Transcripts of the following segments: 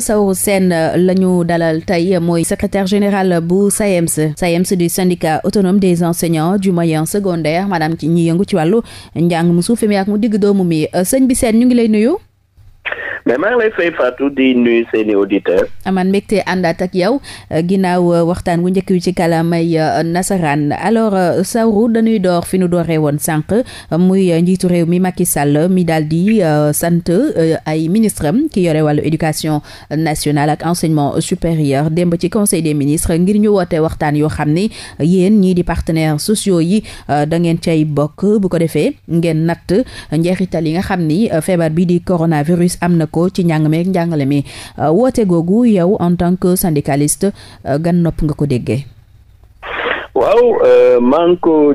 Saourou Sène euh, la ñu dalal tey mooy secretaire général bu SAEMS SAEMS du syndicat autonome des enseignants du moyen secondaire maanaam ci ñi yëngu ci wàllu njàng mu suufe mi ak mu digg doomu mi euh, sëñ bi Sène ñu ngi lay nuyu mais maa ngi lay fay Fatou di ak yow euh, ginnaaw euh, waxtaan wu njëkk wi ci kàllaamay euh, nasaraan alors Saourou dañuy door fi nu dooree woon sànq muy njiitu réew mi Macky Sall mi daal di sant ay ministre am ki yore wàllu éducation nationale ak enseignement supérieur démb ci conseil des ministre ngir ñu woote waxtaan yoo xam ni yéen ñii di partenaires sociaux yi da ngeen cay bokk bu ko defee ngeen natt njeexital yi nga xam ni feebar bi di coronavirus am na ko ci njàng meek njàngale mi uh, woote googu yow en tant que syndicaliste uh, gan nopp nga ko déggee waaw euh, maa ngi ko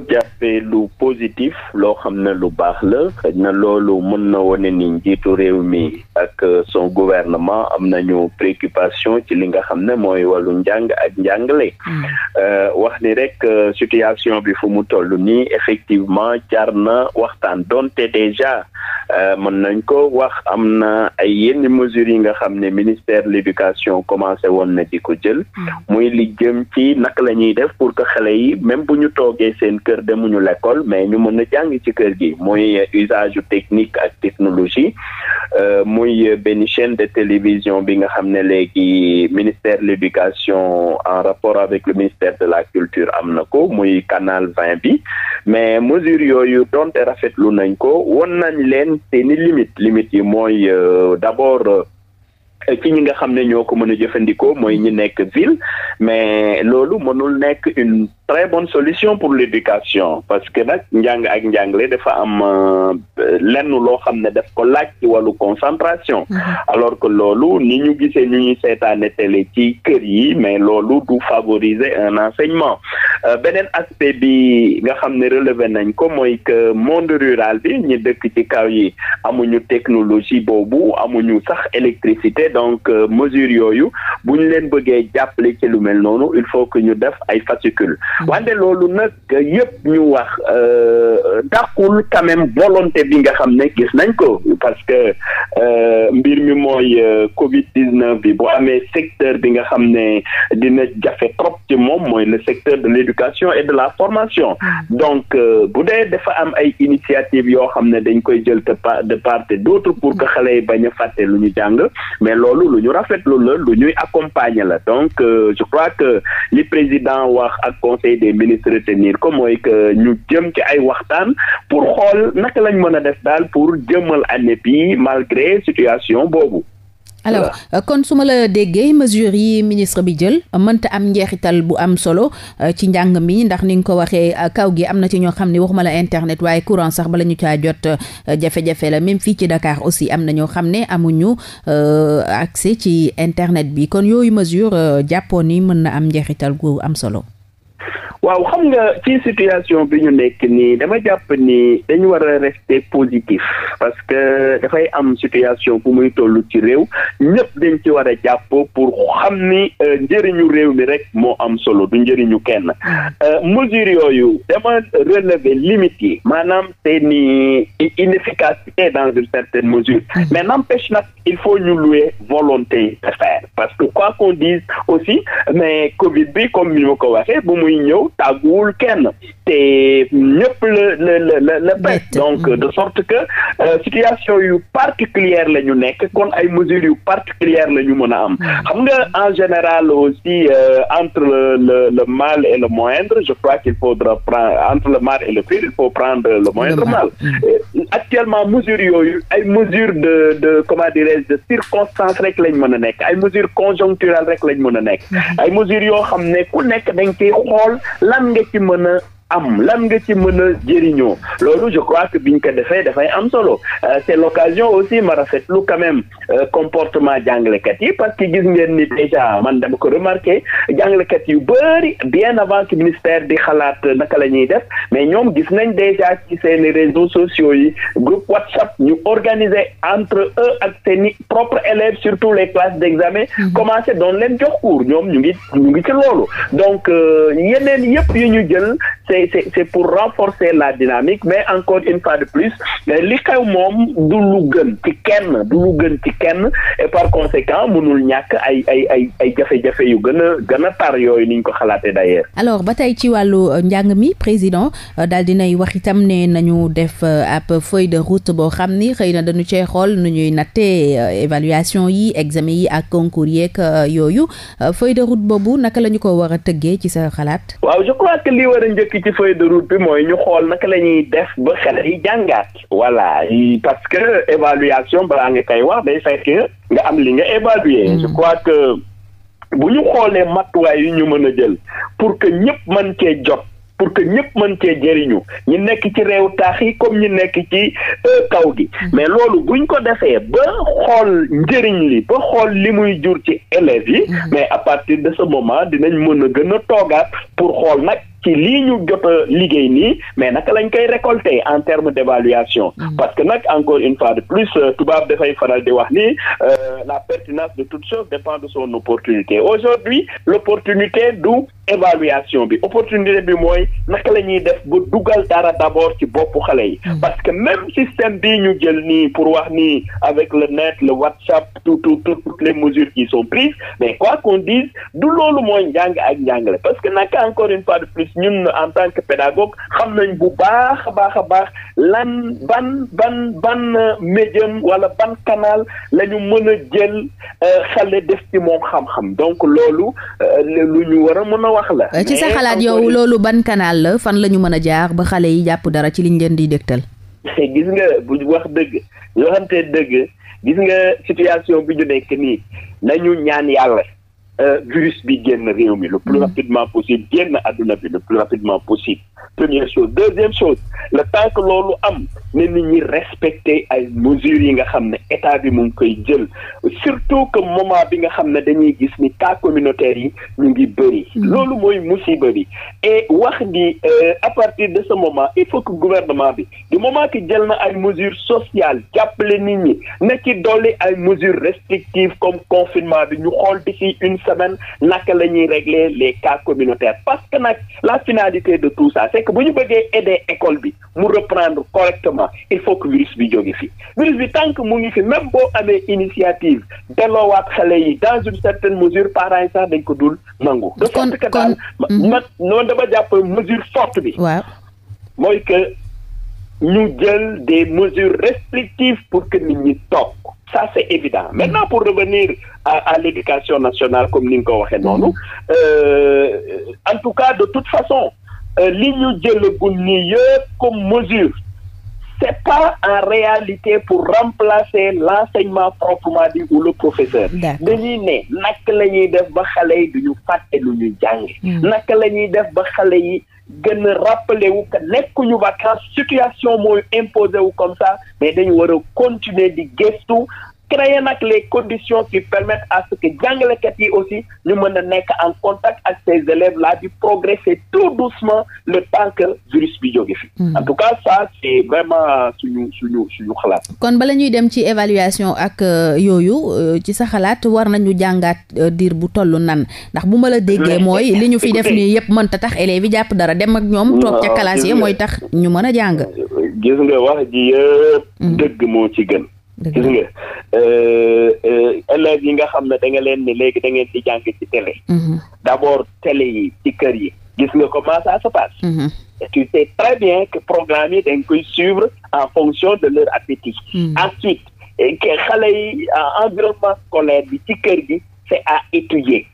lu positif loo xam ne lu baax la xëy na loolu mën na wane ni njiitu réew mi ak euh, son gouvernement am nañu préoccupation ci li nga xam ne mooy wàllu njàng ak njàngale hmm. euh, wax ni rek situation bi fu mu toll nii effectivement jar na waxtaan donte déjà mën nañ ko wax am na ay yenn mesures yi nga xam ne ministère de l'éducation commencé woon na di ko jël hmm. muy li jëm ci naka la def pour que xale même bu ñu toogee seen kër demuñu l'école mais ñu mën a jàng ci kër gi muy usage technique ak technologie euh, muy benn chaîne de télévision bi nga xam ne léegi ministère de l'éducation en rapport avec le ministère de la culture am na ko muy canal 20 bi mais mesure yooyu donte rafetlu nañ ko won nañ leen seeni limite limite yi mooy euh, d'abord ci ñi nga xam ne ñoo ko mën a jëfandikoo mooy ñu nekk ville mais loolu mënul nekk une trè bonne solution pour l'éducation parce que nag njàng ak njàngale dafa am euh, lenn loo xam ne daf ko laaj ci wàllu concentration mm-hmm. alors que loolu ni ñu gisee ñu ñuy seetaane télé ci kër yi mais loolu du favoriser un enseignement Euh, beneen aspect bi nga xam ne relevé nañ ko mooy que monde rural bi ñu dëkk ci kaw yi amuñu technologie boobu amuñu sax électricité donc euh, mesure yooyu bu ñu leen bëggee jàppale ci lu mel noonu il faut que ñu def ay fascicule hmm. wante loolu nag yëpp ñu wax euh, dàqul quand même volonté bi nga xam ne gis nañ ko parce que mbir mi mooy Covid dix neuf bi bu amee secteur bi nga xam ne dina jafe trop ci moom mooy le secteur de l'éducation l'éducation et de la formation donc euh, bu dee dafa am ay initiative yoo xam ne dañ koy jël de part et d'autre pour que xale yi bañ a fàtte lu ñu jàng mais loolu lu ñu rafetlu la lu ñuy accompagner la donc euh, je crois que li président wax ak conseil des ministres retenir ko mooy que ñu jëm ci ay waxtaan pour xool naka lañ mën a def daal pour jëmmal année bi malgré situation boobu alors euh, kon su ma la déggee mesures yi ministre bi jël mënta am njeexital bu am solo euh, ci njàng mi ndax ni nga ko waxee euh, kaw gi am na ci ñoo xam ne waxuma la internet waaye courant sax bala ñu caa jot jafe-jafe la même fii ci dakaar aussi am na ñoo xam ne amuñu accès ci internet bi kon yooyu mesure jàppoon ni mën na am njeexital gu am solo waaw xam nga ci situation bi ñu nekk nii dama jàpp nii dañu war a rester positif parce que dafay am situation bu muy toll ci réew ñëpp dañ ci war a jàpp pour xam ni euh, njëriñu réew mi rek moo am solo du njëriñu kenn euh, mesure yooyu dama relever limites yi maanaam c'est ni inefficacité dans une certaine mesure mais n'empêche nag il faut ñu louer volonté de faire parce que quoi qu'on dise aussi mais Covid bi comme ni ma ko waxee muy ñëw kenn te ñëpp la la la donc de mm-hmm. sorte que euh, situation yu particulière la ñu nekk kon ay mesures yu particulière la ñu mën a am mm-hmm. xam nga en général aussi euh, entre le le mal et le moindre je crois qu'il faudra prendre entre le mal et le pire il faut prendre le moindre mal mm-hmm. actuellement mesures yooyu ay mesures de de comment dirais-je de circonstance rek lañ mën a nekk ay mesures conjoncturelles rek lañ mën a nekk ay mesures yoo xam ne ku nekk dañ koy xool lan nga ci am lan nga ci mën a jëriñoo loolu je crois que biñ ko defee dafay am solo euh, c'est l'occasion aussi ma rafetlu quand même euh, comportement jàngalekat yi parce que gis ngeen ni déjà man dama ko remarqué jàngalekat yu bëri bien avant que ministère di xalaat naka la ñuy def mais ñoom gis nañ déjà ci seeni réseaux sociaux yi groupe WhatsApp ñu organiser entre eux ak seeni propres élèves surtout les classes d'examen mhm. commencé doon leen jox cours ñoom ñu ngi ñu ngi ci c'est pour renforcer la dynamique mais encore une fois de plus li xew moom du lu gën ci kenn du lu gën ci kenn et par conséquent mënul ñàkk ay ay ay ay jafe-jafe yu gën a gën a tar yooyu ni ñu ko xalaatee d'ailleurs. alors ba tey ci wàllu euh, njàng mi président euh, daal dinay wax itam ne nañu def euh, ab feuille de route boo xam ni xëy na dañu cee xool nu ñuy nattee évaluation yi examen yi ak concours yeeg yooyu feuille de route boobu naka la ñu ko war a tëggee ci sa xalaat. waaw je crois que li war njëkk ci feuille de route bi mooy ñu xool nag la ñuy def ba xel yi jàngaat. voilà parce que évaluation balaa nga koy wax day fekk nga am li nga évaluer. Mm. je crois que bu ñu xoolee matuwaay yu ñu mën a jël pour que ñëpp mën cee jot. pour que ñëpp mën cee jëriñu ñu nekk ci réew taax yi comme ñu nekk ci e, kaw gi mm. mais loolu buñ ko defee ba xool njëriñ li ba xool li muy jur ci élèves yi mm. mais à partir de ce moment dinañ mën a gën a toogaat pour xool nag ci lii ñu jot a liggéey nii mais naka lañ koy récolter en terme d'évaluation mm. parce que nag encore une fois de plus euh, tubaab dafay faral di wax ni euh, la pertinence de toute chose dépend de son opportunité aujourd'hui l'opportunité du évaluation bi opportunité bi mooy naka la ñuy def ba dugal dara d'abord ci boppu xale yi. Hmm. parce que même système bi ñu jël ni pour wax ni avec le net le WhatsApp tout tout toutes les mesures qui sont prises mais quoi qu'on dise du loolu mooy njàng ak njàngale parce que naka encore une fois de plus ñun en tant que pédagogue xam nañu bu baax a baax a baax lan ban ban ban médium wala ban canal lañu ñu mën a jël euh, xale def ci moom xam-xam donc loolu euh, lu ñu war a mën wax la. Eh, ci sa xalaat yow loolu ban canal la fan la ñu mën a jaar ba xale yi jàpp dara ci liñ leen di dégtal. gis nga bu wax dëgg yoo xam te dëgg gis nga situation bi ñu nekk nii nañu ñaan yàlla. Euh, virus bi génn réew mi le plus mm. rapidement possible génn àdduna bi le plus rapidement possible première chose deuxième chose le temps que loolu am ne nit ñi respecter ay mesures yi nga xam ne état bi mu ngi koy jël surtout que moment bi nga xam ne dañuy gis ni taa communautaire yi lu ngi bëri mm. loolu mooy musiba bi et wax ni euh, à partir de ce moment il faut que gouvernement bi du moment que jël na ay mesures sociale jàppale nit ñi na ci dolli ay mesures restrictives comme bi ñu xool d'ici une semaine naka la ñuy régler les cas communautaires parce que nag la finalité de tout ça c'est que bu ñu bëggee aider école bi mu reprendre correctement il faut que virus bi jóge fi virus bi tant que mu ngi fi même boo amee initiative delloowaat xale yi dans une certaine mesure parents yi sax dañ ko dul nangu de sorte que daal man hmm. noonu dama jàpp mesure forte bi waaw mooy que ñu jël des mesures restrictives pour que nit ñi toog ça c'est évident mm. maintenant pour revenir à à l'éducation nationale comme ni nga ko waxee mm. noonu euh, en tout cas de toute façon euh, li ñu jëlagul nii yëpp comme mesure c'est pas en réalité pour remplacer l'enseignement proprement dit ou le professeur dañuy ne naka la ñuy def ba xale yi duñu fàtte lu ñuy jànge mm. naka la ñuy def ba xale yi gën a rappelé wu ñu nekkuñu vacance situation mooy imposé wu comme ça mais dañu war a continuer di gëstu créer nag les conditions qui permettent à ce que jàngalekat yi aussi ñu mën a nekk en contact ak ces élèves là di progresser tout doucement le temps que virus bi jóge fi hmm. en tout cas ça c'est vraiment xalaat kon bala ñuy dem ci évaluation ak euh, yooyu euh, ci sa xalaat war nañu jàngaat euh, diir bu toll nan ndax bu ma la déggee mooy li ñu fi def nii yëpp mënta tax élèves yi jàpp dara dem ak ñoom toog ca classe yi mooy tax ñu mën a jàng gis nga wax ji yëpp hmm. dëgg moo ci gën gis nga euh, euh, élèves yi nga xam ne da leen ni léegi da ngeen di jàng ci télé. Mhm. d'abord télé yi ci kër yi. gis nga comment ça se passe. Mhm. et tu sais très bien que programme yi dañ koy suivre en fonction de leur appétit. Mhm. ensuite que xale yi environnement scolaire bi ci kër gi c'est à étudier.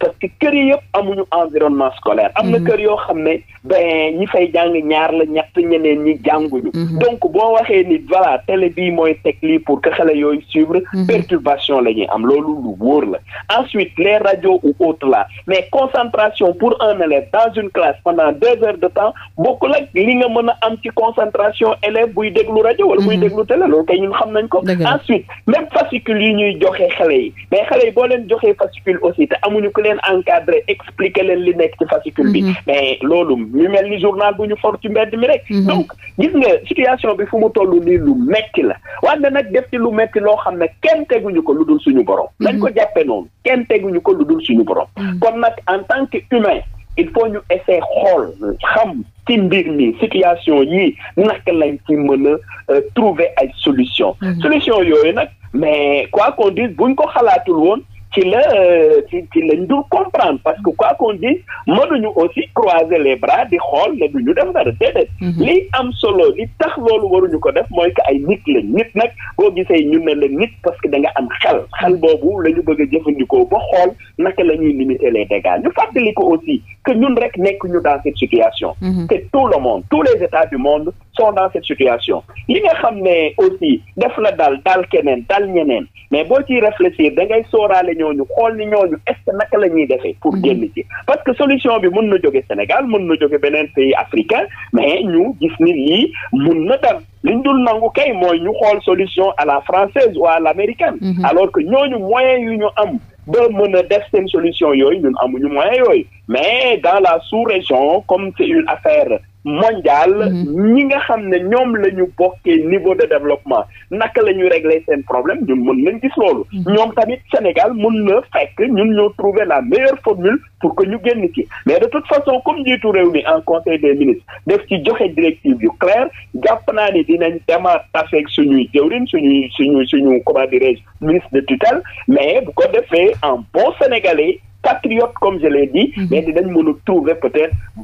parce que kër yi yëpp amuñu environnement scolaire. am na mhm. kër yoo xam ne ben ñi fay jàng ñaar la ñett ñeneen ñi jànguñu. Mhm. donc boo waxee nit voilà télé bii mooy teg lii pour que xele yooyu suivre. Mhm. perturbation la ñuy am loolu lu wóor la. ensuite les radios ou autres là mais concentration pour un élève dans une classe pendant deux heures de temps bokkul ak li nga mën a am ci concentration élève buy déglu rajo wala buy déglu télé loolu kay ñun xam nañ ko. ensuite ñuy joxe xale yi mais xale yi boo leen joxee fascicule aussi ko ku leen encadré expliqué leen li nekk ci fascicule bi mhm. mais loolu ñu mel ni journal bu ñu for ci mbedd mi rek mhm. donc gis nga situation bi fu mu toll nii lu metti la wante nag def ci lu metti loo xam ne kenn teguñu ko lu dul suñu borom dañ mhm. ko jàppe noonu kenn teguñu ko lu dul suñu borom kon nag en tant que humain il faut ñu essayer xool xam ci mbir mi situation yi nak lañ ci mën a euh, trouver ay solution solution yooyu nag mais quoi qu'on buñ ko xalaatul ci la euh, ci ci lañ dul comprendre parce que quoi qu'on dise mënuñu aussi croiser les bras di xool ne du ñu def dara déedéet mhm. li am solo it tax loolu waruñu ko def mooy que ay nit la nit nag koo gisee ñun ne la nit parce que da nga am xel xel boobu la ñu bëgg a jëfandikoo ba xool naka la ñuy limiter les dégâts ñu fàttali ko aussi que ñun rek nekk ñu dans cette situation mhm. que tout le monde tous les états du monde sont dans cette situation li nga xam ne aussi def na dal dal keneen dal ñeneen mais boo ciy réfléchir da ngay sóoraale ñooñu xool ni ñoo est ce que naka la ñuy defee pour mm-hmm. génn ci parce que solution bi mun na jóge Sénégal mun na jóge beneen pays africain mais ñu gis ni lii mun na dal liñ dul nangu kay mooy ñu xool solution à la française ou à l'américaine mm-hmm. alors que ñu moyen yu ñu am ba mën a def seen solution yooyu ñun amuñu moyen yooyu mais dans la sous-région comme c'est une affaire mondial mhm. ñi nga xam ne ñoom la ñu bokkee niveau de développement naka la ñu régler seen problème ñun mën nañ gis loolu mhm. ñoom tamit Sénégal mun na fekk ñun ñoo trouver la meilleure formule pour que ñu génn ci mais de toute façon comme njiitu réew mi en conseil des ministres def ci joxe directive yu clair jàpp naa ni dinañ demaat avec suñuy jëwriñ suñuy suñu suñu comment dirais-je ministre de tutelle mais bu ko defee en bon sénégalais patriotes comme je l'ai dit. Mhm. mais dinañ mën a trouver peut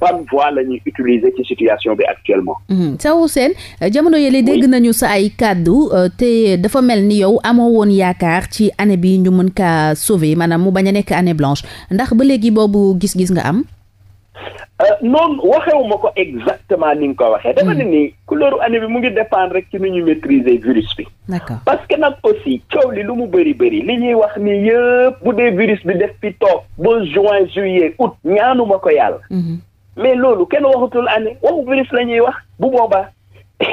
ban voie la ñuy ci situation bi actuellement. Mhm. Saourou euh, Sène jamono yële dégg nañu sa ay kàddu euh, te dafa mel ni yow amoo woon yaakaar ci année bi ñu mën kaa sauver maanaam mu bañ a nekk année blanche ndax ba léegi boobu gis-gis nga am. Euh, noonu waxewu ma ko exactement ni nga ko waxee. dama ni hmm. couleur année bi mu ngi dépendre rek ci nu ñu maîtriser virus bi. d'accord parce que nag aussi coow li lu mu bëri bëri li ñuy wax ni yëpp bu dee virus bi def fi toog ba juin juillet août ñaanuma ko yàlla. Hmm. mais loolu kenn waxatul année waxu virus la ñuy wax bu boobaa.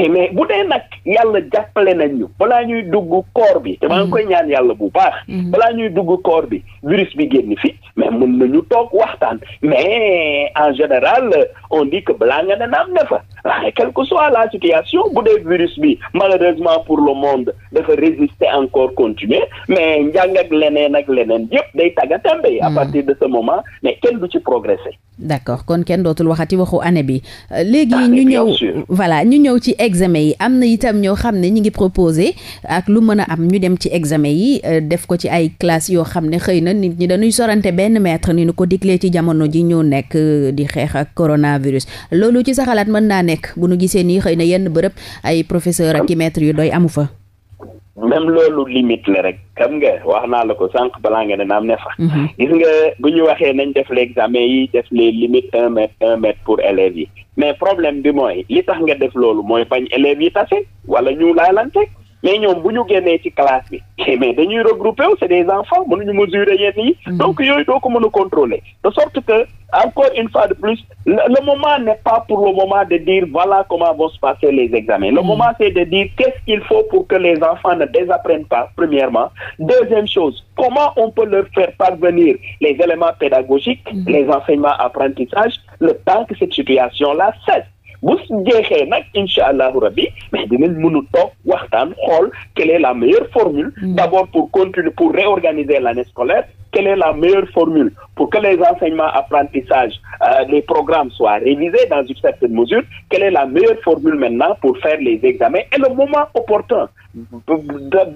mais bu dee nag yàlla jàppale nañ ñu balaa ñuy dugg koor bi te maa ngi mm. koy ñaan yàlla bu baax mm. balaa ñuy dugg koor bi virus bi génn fi mais mun nañu toog waxtaan mais en général on dit que balaa nga ne naam ne fa waaye quelle soit la situation bu dee virus bi malheureusement pour le monde dafa résister encore continuer mais njàng ak leneen ak leneen yëpp day tagga tembe à mm. partir de ce moment mais kenn du ci progresser d'accord kon kenn dootul waxati waxu année bi euh, léegi ah, ci examen yi am na itam ñoo xam ne ñu ngi proposé ak lu mën a am ñu dem ci examen yi euh, def ko ci ay classe yoo xam ne xëy na nit ñi dañuy sorante benn mètre ni ñu ko diglee ci jamono ji ñoo nekk euh, di xeex ak coronavirus loolu ci sa xalaat mën naa nekk bu nu gisee nii xëy na yenn bërëb ay professeur ak i maître yu doy amu fa même loolu limite la rek xam nga wax naa la ko sànq balaa nga ne naam ne fa. Mhm. gis nga bu ñu waxee nañ def les examens yi def les limites un mètre un mètre pour élèves yi mais problème bi mooy li tax nga def loolu mooy bañ élèves yi tase wala ñu lante mais ñoom bu ñu génnee ci classe bi mais dañuy regrouper wu c'est des enfants mënuñu mesurer yenn yi mm. donc yooyu doo ko a contrôler de sorte que encore une fois de plus le, le moment n'est pas pour le moment de dire voilà comment vont se passer les examens le mmh. moment c'est de dire qu'est-ce qu'il faut pour que les enfants ne désapprennent pas premièrement deuxième chose comment on peut leur faire parvenir les éléments pédagogiques mmh. les enseignements apprentissages le temps que cette situation-là cesse bu jeexee nag incha allahu rabbi mais dinañ mënu toog waxtaan xool quelle est la meilleure formule. Mm. d' pour continuer pour réorganiser la année scolaire. quelle est la meilleure formule pour que les enseignements apprentissages, euh, les programmes soient révisés dans une certaine mesure, quelle est la meilleure formule maintenant pour faire les examens et le moment opportun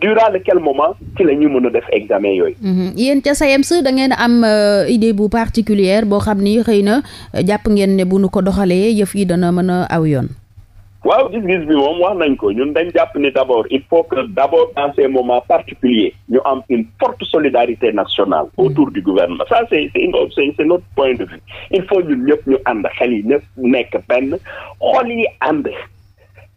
durant lequel moment ci la ñu mën a def examen yooyu. Mm-hmm. yéen ca SAEMS da ngeen am euh, idée bu particulière boo xam ni xëy na jàpp ngeen ne bu nu ko doxalee yëf yi dana mën a aw yoon. waaw gis-gis bi moom wax nañ ko ñun dañ jàpp ni d'abord il faut que d'abord dans ces moment particuliers ñu am une forte solidarité nationale autour mm. du gouvernement ça c'est c'est c'est notre point de vue il faut ñun ñëpp ñu ànd xel yi ñëpp nekk benn xol yi ànd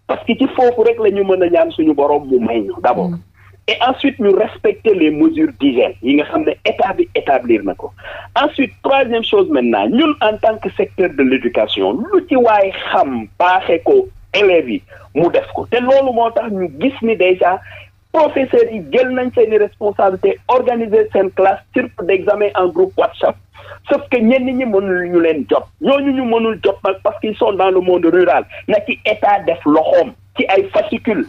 parce que ci foofu rek la ñu mën a ñaan suñu borom mu may ñu d'abord mm. et ensuite ñu respecter les mesures d'hygiène yi nga xam ne état bi établir na ko ensuite troisième chose maintenant ñun en tant que secteur de l'éducation lu ci waay xam baaxee ko élèves yi mu def ko te loolu moo tax ñu gis ni déjà professeurs yi jël nañ seeni responsabilité organiser seen classe surtout d'examen en groupe WhatsApp sauf que ñenn ñi mënul ñu leen jot ñooñu ñu mënul jot nag parce qu'ils sont dans le monde rural na ci état def loxoom ci ay fascicule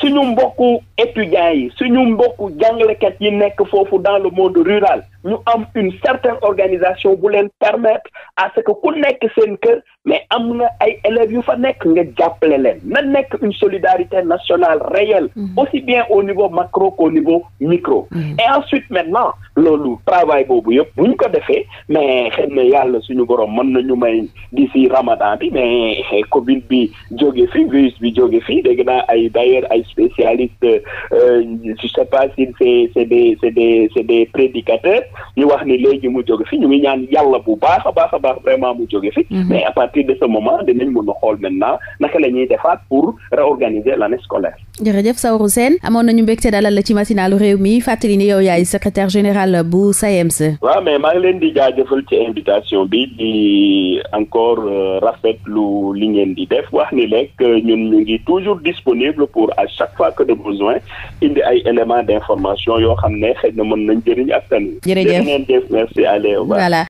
suñu mbokku étudiants yi suñu mbokku jàngalekat yi nekk foofu dans le monde rural ñu am une certaine organisation bu leen permettre à ce que ku nekk seen kër mais am na ay élèves yu fa nekk nga jàppale leen na nekk une solidarité nationale réelle mhm. aussi bien au niveau macro qu'au niveau micro mhm. et ensuite maintenant loolu travail boobu yëpp bu ñu ko defee mais xëy na yàlla suñu borom mën nañu may d'ici ramadan bi mais covid bi jóge fi virus bi joge fi dégg naa ay d'ailleurs ay spécialistes euh, je sais pas si c'est c'est des c'est des c'est des prédicateurs ñu wax ni léegi mu jóge fi ñu ngi ñaan yàlla bu baax a baax a baax vraiment mu jóge fi mhm. mais à partir de ce moment dinañ mën a xool maintenant naka la ñuy defaat pour réorganiser l'année scolaire jërëjëf Saourou Sène amoon nañu mbégte dalal la ci matinalu réew mi fàttali ni yow yaay secrétaire général bu SAEMS waaw mais maa ngi leen di jaajëfal ci invitation bi di encore euh, rafetlu li ngeen di def wax ni lekk ñun ñu ngi toujours disponible pour à chaque fois que de besoin indi ay éléments yoo xam ne xëy na mën nañ jëriñ jërëjëf jërë ngeen jëf merci Aliou voilà